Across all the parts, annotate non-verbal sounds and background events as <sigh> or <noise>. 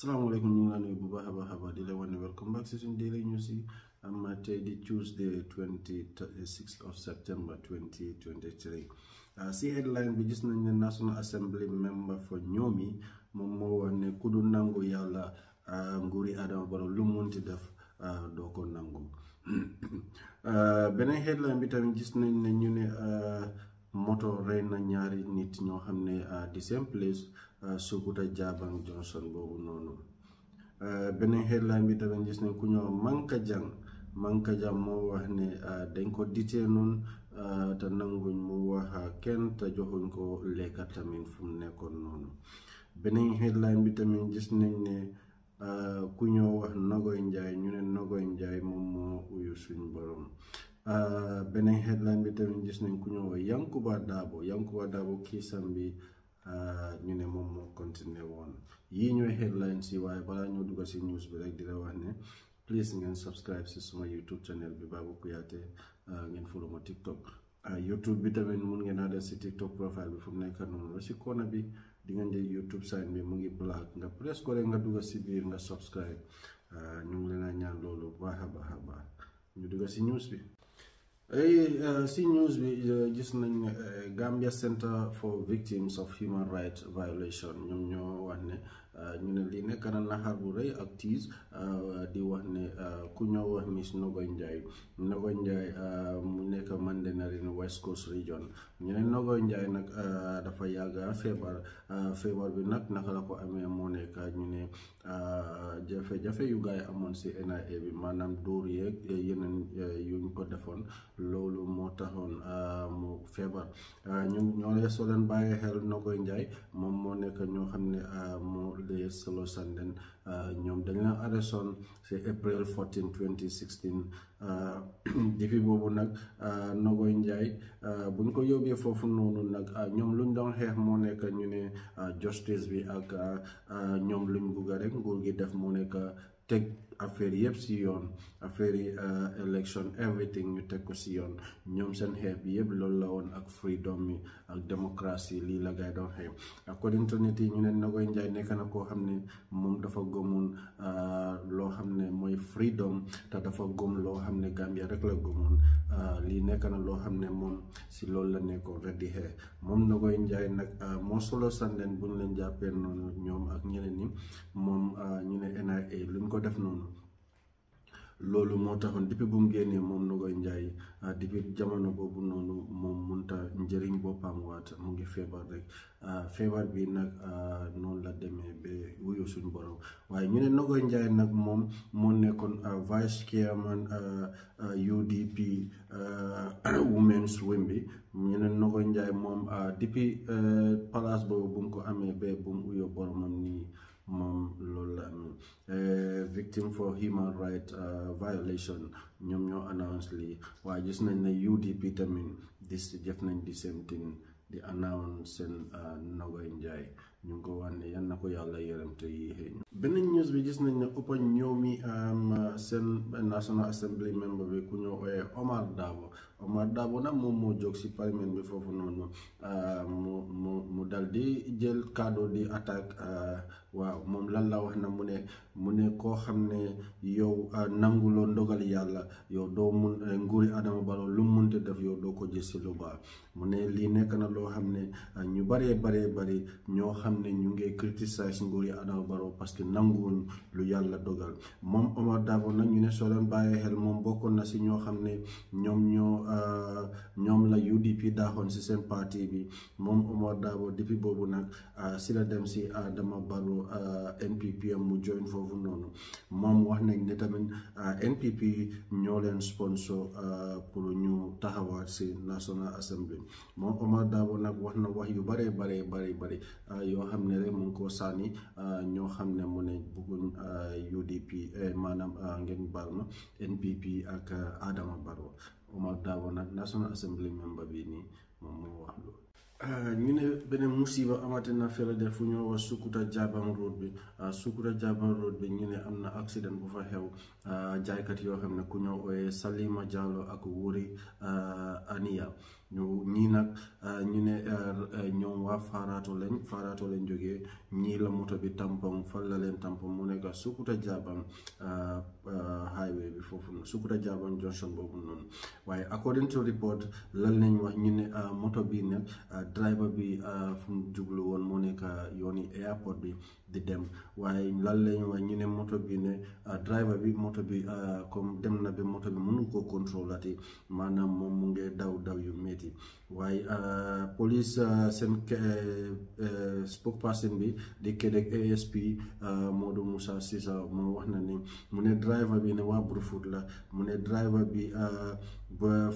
salaamaaleykum ñu ngi laa nuyu bu baax a baax a baax di la wane welcome back si suñu daily news yi am tey di Tuesday 26 of September 2023 ah, si headline bi gis nañ ne National Assembly member for ñoomi moom moo wax ne ku du nangu yàlla ah, nguuri Adama Barrow lu munti def ah, doo ko nangu <coughs> beneen headline bi tamit gis nañ ne ñu ne moto rey na ñaari nit ñoo xam ne the same place sukuta jaban johnson bobu nonu uh, benen hel lami taɓe jisnen kuño manka jan manka jan mo wahne uh, den ko dite noon uh, ta nangoñ mo waha ken ta johoñ ko lekat tamin fum ne kon nonu benen hel lami tamin jisnen ne uh, kuño wah nogoy jay ñune nogoy jay mommo uyu suñ borom Uh, benen hel lami tamin jisnen kuño yankuba dabo yankuba dabo kisambi Eh, ñu ne moom moo continué woon yii ñooy headlines yi waaye balaa ñoo dugal si news bi rek di la wax ne please ngeen subscribe si suma youtube channel bi Babou Kuyaate eh, ngeen follow ma tiktok eh, youtube bi tamit mun ngeen a si tiktok profile bi fu mu nekk noonu la si kona bi di ngeen jël youtube sign bi mu ngi black nga press ko rek nga dugal si biir nga subscribe ñu ngi leen a ñaan loolu baax a baax a baax ñu dugal si news bi Eh, eh, si news bi eh, gis nañ ne Gambia Centre for Victims of Human Rights Violation ñoom ñoo wax ne Euh, ñu ne lii nekk na naxar bu rëy ak tiis euh, di wax ne euh, ku ñoo wax Miss Nogoy Njie Nogoy Njie mu nekk Mandarin West Coast Region ñu ne Nogoy Njie nag dafa yàgg feebar feebar bi nag naka la ko amee moo nekk ñu ne jafe-jafe yu gaay amoon si NIA bi maanaam dóor yeeg yeneen yuñ ko defoon loolu moo taxoon feebar euh, ñu ñoo soo leen bàyyee xel Nogoy Njaay moom moo nekk ñoo xam ne euh, moo lee solo sanden euh, ñoom dañ leen arrestoon ci April 14 2016 <clears throat> depuis boobu nag Nogoy Njaay buñ ko yóbbee foofu noonu nag ñoom luñ doon xeex moo nekk ñu ne justice bi ak ñoom luñ bugga rek nguur gi def moo nekk teg affaire yëpp si yoon affaire yi euh, election everything ñu teg ko si yoon ñoom seen xeex bi yëpp loolu la woon ak freedom yi ak démocratie lii la gaay doon xeex according to nit yi ñu ne Nagoy Njaay nekk na koo xam ne moom dafa gëmoon euh, loo xam ne mooy freedom te dafa gëm loo xam ne Gambia rek la gëmoon euh, lii nekk na loo xam ne moom si loolu la nekkoon rek xeex moom Nagoy Njaay nag moo solo sànleen bu ñu leen jàppee noonu ñoom ak ñeneen ñi moom ñu ne NIA luñ ko def noonu loolu moo taxoon depuis bu mu génnee moom Nogoy Njaay ah, depuis jamono boobu noonu moom munta njëriñ boppam waat mu ngi feebar rek ah, feebar bi nag ah, noonu la demee ba wuyu suñu borom waaye ñu ne Nogoy Njaay nag moom moo nekkoon vice chairman UDP <coughs> Women's Wing bi ñu ne Nogoy moom depuis eh, palaas boobu bu mu ko amee ba bu mu uyoo boromam nii moom loolu la am eh, victim for human right eh, violation ñoom ñoo announce lii waaye gis nañ ne UDP tamit dis jëf nañ di seen thing di announce seen eh, Nogoy Njie ñu ngi ko wax ne na ko yàlla yërëm te yéexee ñu beneen news bi gis nañ ne uppa ñëw mi seen National Assembly member bi ku ñoo Omar Dabo Omar Dabo nag moom moo jóg si parlement bi foofu noonu mu mu mu dal di jël cadeau di attaque waaw moom lan la wax na mu ne mu ne koo xam ne yow ah, nanguloo dogal yàlla yow doo mun eh, nguuri Adama Barrow lu mu munte def yow doo ko gis si lu baax mu ne lii nekk na loo xam ne ah, ñu baree baree bari ñoo xam ne ñu ngi criticiser nguuri Adama Barrow parce que nanguwuñ lu yàlla dogal moom Omar Dabo nag ñu ne soo leen bàyyee xel moom bokkoon na si ñoo xam ne ñoom ñoo ah, ñoom la UDP daaxoon si seen parti bi moom Omar Dabo depuis boobu nag si la dem si Adama Barrow Euh, NPP mu join foofu noonu moom wax nañ ne tamit euh, NPP ñoo leen sponsor euh, pour ñu taxawaat si National Assembly moom Omar Dabo nag wax na wax yu bare bare bare bare yoo xam ne rek mu koo sànni ñoo xam ne mu ne bëgguñ UDP maanaam ngeen baal ma NPP ak Adama Barrow Omar Dabo nag National Assembly member bi nii moom moo wax loolu Euh, ñu ne beneen musiba amati na Faidherbe fu ñoo wax Sukuta Jaabang road bi euh, Sukuta Jaabang road bi ñu ne am na accident bu fa xew euh, jaaykat yoo xam ne ku ñoo ooyee Salima Jallow ak Wuri Aniya ñu ñii nag euh, ñu ne euh, euh, ñoom wax faaraato lañ farato lañ jógee ñii la moto bi tampon fan la leen tampon mu nekk Sukuta Jaabang highway bi foofu noonu Sukuta Jaabang junction boobu noonu waaye according to report lan lañ wax ñu ne moto bi nag driver bi fu mu jublu woon moo nekk yooni airport bi di dem waaye lan lañ wax ñu ne moto bi ne ah, driver bi moto bi ah, comme dem na bi moto bi mënu ko contrôlati maanaam moom mu ngi daw daw yu métti waaye ah, police seen eh, eh, spokesperson bi di Kedek ASP Modou Moussa Cissé moo wax na ni mu ne driver bi ne waa Brufut la mu ne driver bi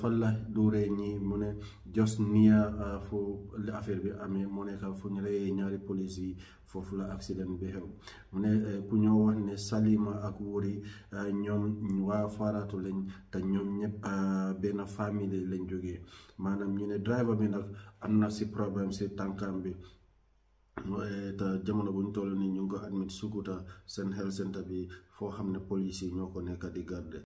folla duure ni mu ne jos niya fo affaire bi amee mu ne ka fo ñu reye ñaari police yi foofu la accident bi xew mu ne e, ku ñoo wax ne salima ak wuri ñoom waa faaraatu lañ te ñoom ñëpp benn famille lañ jógee maanaam ñu ne driver bi nag am na si problème si tànkaam bi e, te jamono bu ñu toll ni ñu ngi ko admit sukuta seen health center bi foo xam ne police yi ñoo ko nekk di garde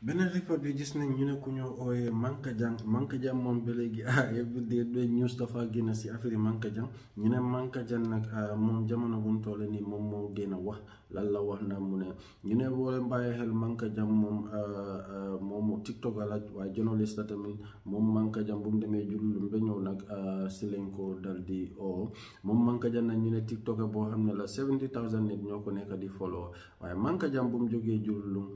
beneen record bi gis nañ ñu ne ku ñu ooyee Manka Jang Manka Jang moom ba léegi ah everyday news dafa génn si affaire yi Manka ñu ne Manka Jang nag ah, moom jamono bu mu toll nii moom moo gën a wax lan la wax na mu ne ñu ne boo leen bàyyi xel Manka Jang moom ah, ah, moomu TikTok la waaye journaliste tamit moom Manka Jang bu mu demee jullu ba ñëw nag si lañ ko dal di oo moom Manka Jang nag ñu ne TikTok boo xam ne la 70 000 nit ñoo ko nekk di follow waaye Manka Jang bu mu jógee jullu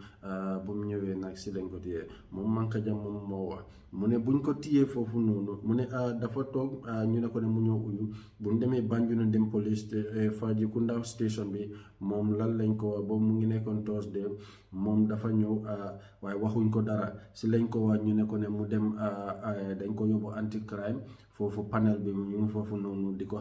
bu mu ñëwee. ak si lañ ko téye moom Mankaja moom moo wax mu ne buñ ko téyee foofu noonu mu ne ah, dafa toog ah, ñu ne ne mu ñëw uyu buñ demee Banjul dem police eh, Fajikunda bi moom lan lañ ko wax mu ngi nekkoon Thursday moom dafa ñëw ah, waaye waxuñ ko dara si lañ ko wax ñu ne ne mu dem dañ ko yóbbu anti ko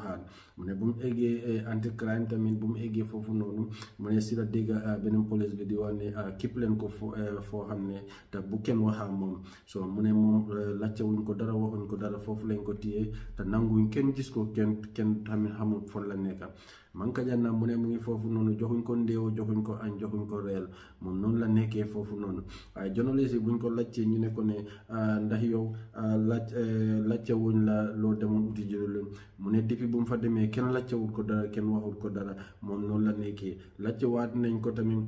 xaar mu ne bu mu eggee eh, anti crime tamit bu mu eggee foofu noonu mu la dégg beneen police bi di wax ne képp leen ko eh, foo xam xam ne te bu kenn waxaa moom so mu ne moom euh, laajte wuñ ko dara waxuñ ko dara foofu lañ ko téye te nanguñ kenn gis ko kenn kenn tamit xamul fon la nekka manka janna mu ne mu ngi foofu noonu joxuñ ko ndéew joxuñ ko añ joxuñ ko reel moom noonu la nekkee foofu noonu waaye journaliste yi buñ ko laajtee ñu ne ko ne euh, ndax yow euh, laaj laajte wuñ la loo demoon uti jëloon mu ne depuis bu mu fa demee kenn laajtewul ko dara kenn waxul ko dara moom noonu la nekkee laajtewaat nañ ko tamit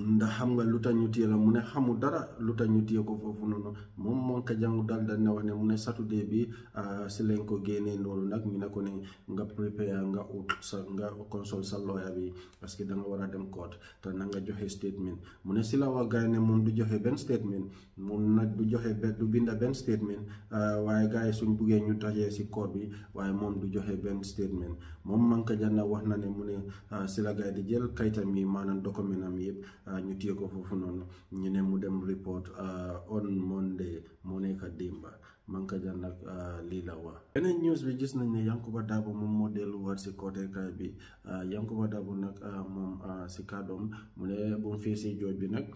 nda xam nga lu tañu tiye la mu ne xamu dara lu tañu tiye ko foofu noonu moom moom ka jàngu dal dal ne wax ne mu ne saturde bi si lañ ko génnee noonu nag ñu ne ko ne nga prépare nga ut sa nga console sa loya bi parce que danga war a dem coote te na nga joxe statement mu ne si la wax gars ne moom du joxe benn statement moom nag du joxe be du binda benn statement waaye gars yi suñ buggee ñu tajee si coote bi waaye moom du joxe benn statement moom manka janna wax na ne mu ne si la gars di jël kaytam yi maanaam document am yëpp ñu tiye ko foofu noonu ñu ne mu dem report on monde moo neka dimba manka ja nag lii la wa beneen news bi gis nañ ne yankuba daabo moom moo dellu war si coté kay bi yankuba daabo nag moom si kadom mu ne bu mu fee si jooj bi nag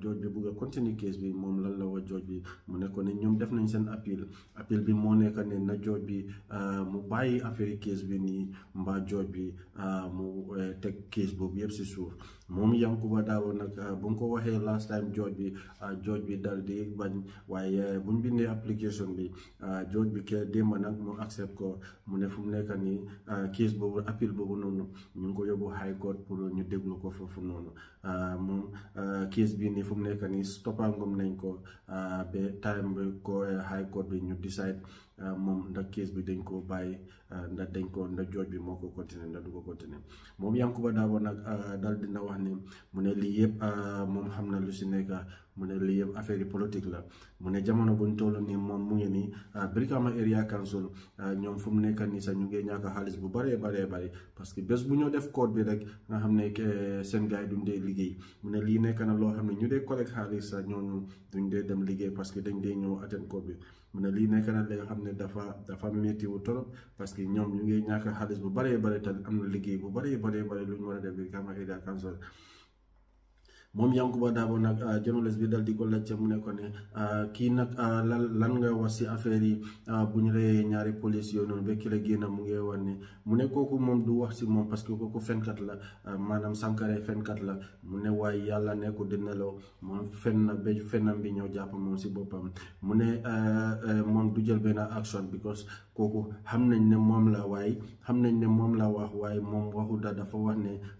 jooj bi bugg a continue case bi moom lan la wa jooj bi mu ne ko ne ñoom def nañ seen appel appel bi moo neka ne na jooj bi mu bàyyi affaire yi case bi nii mbaa jooj bi mu eh, teg case boobu yëpp si suuf moom Yankuba Dabo nag ah, bu nga ko waxee last time jooj bi jooj ah, bi dal di bañ waaye eh, bu ñu bindee application bi jooj ah, bi ke démb nag mu accept ko mu ne fu mu nekk nii case boobu appeal boobu noonu ñu ngi ko yóbbu high court pour ñu déglu ko foofu noonu moom case bi nii fu mu nekk nii stoppangum nañ ko ba time bi ko eh, high court bi ñu decide Euh, moom ndax case bi dañ koo bàyyi euh, ndax dañ ko ndax jooj bi moo ko continuer ndax du ko continuer moom Yankuba Dabo nag euh, dal dina wax ni mu ne lii yëpp moom xam na lu si nekk mu ne lii yëpp affaire yi politique la mu ne jamono buñ toll nii moom mu ngi nii Brikama Area Council ñoom fu mu nekk nii sax ñu ngi ñàkk xaalis bu baree baree bari parce que bés bu ñoo def code bi rek nga xam ne seen gars yi duñ liggéey mu ne lii nekk na loo xam ne ñu dee collecte xaalis sax ñooñu duñ dee dem liggéey parce que dañ dee ñëw atteindre code bi mu ne lii nekk na li xam ne ne dafa dafa méttiwu torop parce que ñoom ñu ngi ñàkk xaalis bu baree bëri te am na liggéey bu bëree bëri bëri lu ñu mën a def bi Gambian Talents Council moom Yankuba Dabo nag ah, journaliste bi dal di ko laajte mu ne ko ne ah, kii nag ah, lan lan nga wax si affaire yi bu ñu reyee ñaari police yooyu noonu ba ki la génn mu ngi wan ni mu ne kooku moom du wax si moom parce que kooku fenkat la maanaam Sankare fenkat la mu ne waaye yàlla ne ko dineloo moom fen na ba fennam bi ñëw jàpp moom si boppam mu ne moom du jël benn action because kooku xam nañ ne moom la waaye xam nañ ne moom la wax waaye moom waxu dafa wax ne